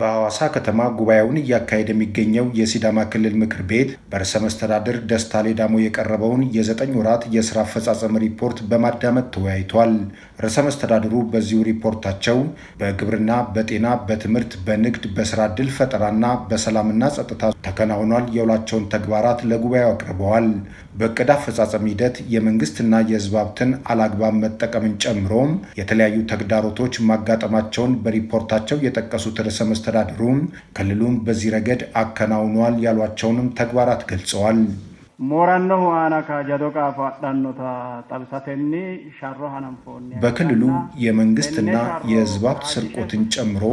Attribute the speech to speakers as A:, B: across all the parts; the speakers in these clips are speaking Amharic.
A: በሐዋሳ ከተማ ጉባኤውን እያካሄደ የሚገኘው የሲዳማ ክልል ምክር ቤት በርዕሰ መስተዳድር ደስታ ሌዳሞ የቀረበውን የዘጠኝ ወራት የስራ አፈጻጸም ሪፖርት በማዳመጥ ተወያይቷል። ርዕሰ መስተዳድሩ በዚሁ ሪፖርታቸው በግብርና፣ በጤና፣ በትምህርት፣ በንግድ፣ በስራ ዕድል ፈጠራና በሰላምና ጸጥታ ተከናውኗል የውላቸውን ተግባራት ለጉባኤው አቅርበዋል። በእቅድ አፈጻጸም ሂደት የመንግስትና የህዝብ ሀብትን አላግባብ መጠቀምን ጨምሮም የተለያዩ ተግዳሮቶች ማጋጠማቸውን በሪፖርታቸው የጠቀሱት ርዕሰ መስተዳድሩም ክልሉም በዚህ ረገድ አከናውኗል ያሏቸውንም ተግባራት ገልጸዋል።
B: ሞራነሁ አና ካጃዶ ጠብሳቴኒ ሻሮ በክልሉ
A: የመንግስትና የህዝባት ስርቆትን ጨምሮ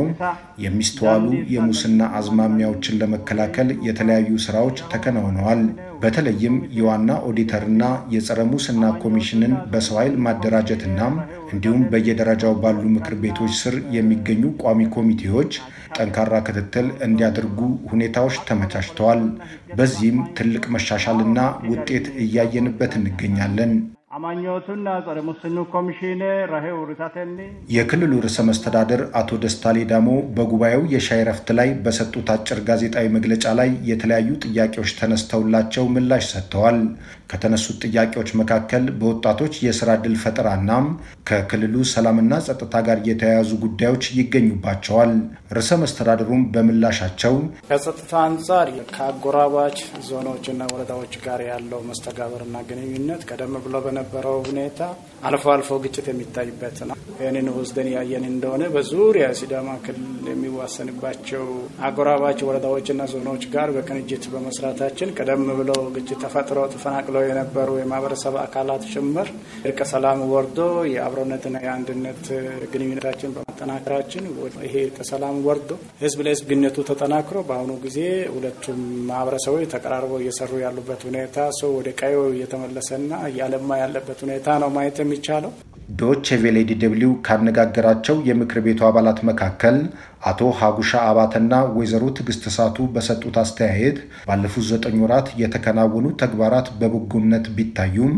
A: የሚስተዋሉ የሙስና አዝማሚያዎችን ለመከላከል የተለያዩ ስራዎች ተከናውነዋል። በተለይም የዋና ኦዲተርና የጸረ ሙስና ኮሚሽንን በሰው ኃይል ማደራጀትና እንዲሁም በየደረጃው ባሉ ምክር ቤቶች ስር የሚገኙ ቋሚ ኮሚቴዎች ጠንካራ ክትትል እንዲያደርጉ ሁኔታዎች ተመቻችተዋል። በዚህም ትልቅ መሻሻልና ውጤት እያየንበት እንገኛለን። የክልሉ ርዕሰ መስተዳደር አቶ ደስታ ሌዳሞ በጉባኤው የሻይ ረፍት ላይ በሰጡት አጭር ጋዜጣዊ መግለጫ ላይ የተለያዩ ጥያቄዎች ተነስተውላቸው ምላሽ ሰጥተዋል። ከተነሱት ጥያቄዎች መካከል በወጣቶች የስራ ዕድል ፈጠራና ከክልሉ ሰላምና ጸጥታ ጋር የተያያዙ ጉዳዮች ይገኙባቸዋል። ርዕሰ መስተዳድሩም በምላሻቸው
B: ከጸጥታ አንጻር ከአጎራባች ዞኖችና ወረዳዎች ጋር ያለው መስተጋበርና ግንኙነት ቀደም ብሎ የነበረው ሁኔታ አልፎ አልፎ ግጭት የሚታይበት ነው። ይህንን ወስደን ያየን እንደሆነ በዙሪያ ሲዳማ ክልል የሚዋሰንባቸው አጎራባች ወረዳዎችና ዞኖች ጋር በቅንጅት በመስራታችን ቀደም ብለው ግጭት ተፈጥሮ ተፈናቅለው የነበሩ የማህበረሰብ አካላት ጭምር እርቀ ሰላም ወርዶ የአብሮነትና የአንድነት ግንኙነታችን ማጠናከራችን ይሄ እርቀ ሰላም ወርዶ ህዝብ ለህዝብ ግንኙነቱ ተጠናክሮ በአሁኑ ጊዜ ሁለቱም ማህበረሰቦች ተቀራርበው እየሰሩ ያሉበት ሁኔታ ሰው ወደ ቀዮ እየተመለሰና እያለማ ያለበት ሁኔታ ነው ማየት የሚቻለው።
A: ዶች ዲደብሊው ካነጋገራቸው የምክር ቤቱ አባላት መካከል አቶ ሀጉሻ አባተና ወይዘሮ ትዕግስት እሳቱ በሰጡት አስተያየት ባለፉት ዘጠኝ ወራት የተከናወኑ ተግባራት በበጎነት ቢታዩም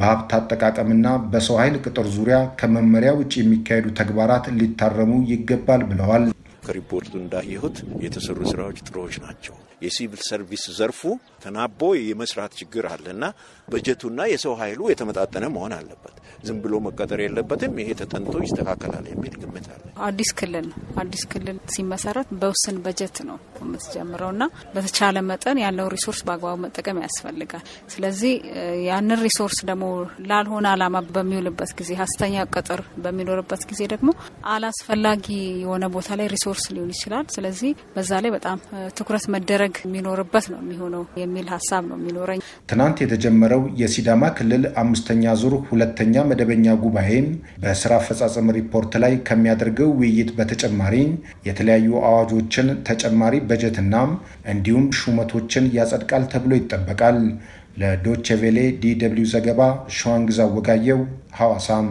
A: በሀብት አጠቃቀምና በሰው ኃይል ቅጥር ዙሪያ ከመመሪያ ውጭ የሚካሄዱ ተግባራት ሊታረሙ ይገባል ብለዋል። ከሪፖርቱ እንዳየሁት የተሰሩ ስራዎች ጥሩዎች ናቸው። የሲቪል ሰርቪስ ዘርፉ ተናቦ የመስራት ችግር አለና በጀቱና የሰው ኃይሉ የተመጣጠነ መሆን አለበት። ዝም ብሎ መቀጠር የለበትም። ይሄ ተጠንቶ ይስተካከላል የሚል ግምት አለ።
C: አዲስ ክልል ነው። አዲስ ክልል ሲመሰረት በውስን በጀት ነው የምትጀምረውና በተቻለ መጠን ያለው ሪሶርስ በአግባቡ መጠቀም ያስፈልጋል። ስለዚህ ያንን ሪሶርስ ደግሞ ላልሆነ አላማ በሚውልበት ጊዜ ሀሰተኛ ቅጥር በሚኖርበት ጊዜ ደግሞ አላስፈላጊ የሆነ ቦታ ላይ ሪሶርስ ኮርስ ሊሆን ይችላል። ስለዚህ በዛ ላይ በጣም ትኩረት መደረግ የሚኖርበት ነው የሚሆነው የሚል ሀሳብ ነው የሚኖረኝ።
A: ትናንት የተጀመረው የሲዳማ ክልል አምስተኛ ዙር ሁለተኛ መደበኛ ጉባኤም በስራ አፈጻጸም ሪፖርት ላይ ከሚያደርገው ውይይት በተጨማሪ የተለያዩ አዋጆችን ተጨማሪ በጀትና እንዲሁም ሹመቶችን ያጸድቃል ተብሎ ይጠበቃል። ለዶቼ ቬሌ ዲ ደብልዩ ዘገባ ሸዋንግዛ ወጋየው ሐዋሳም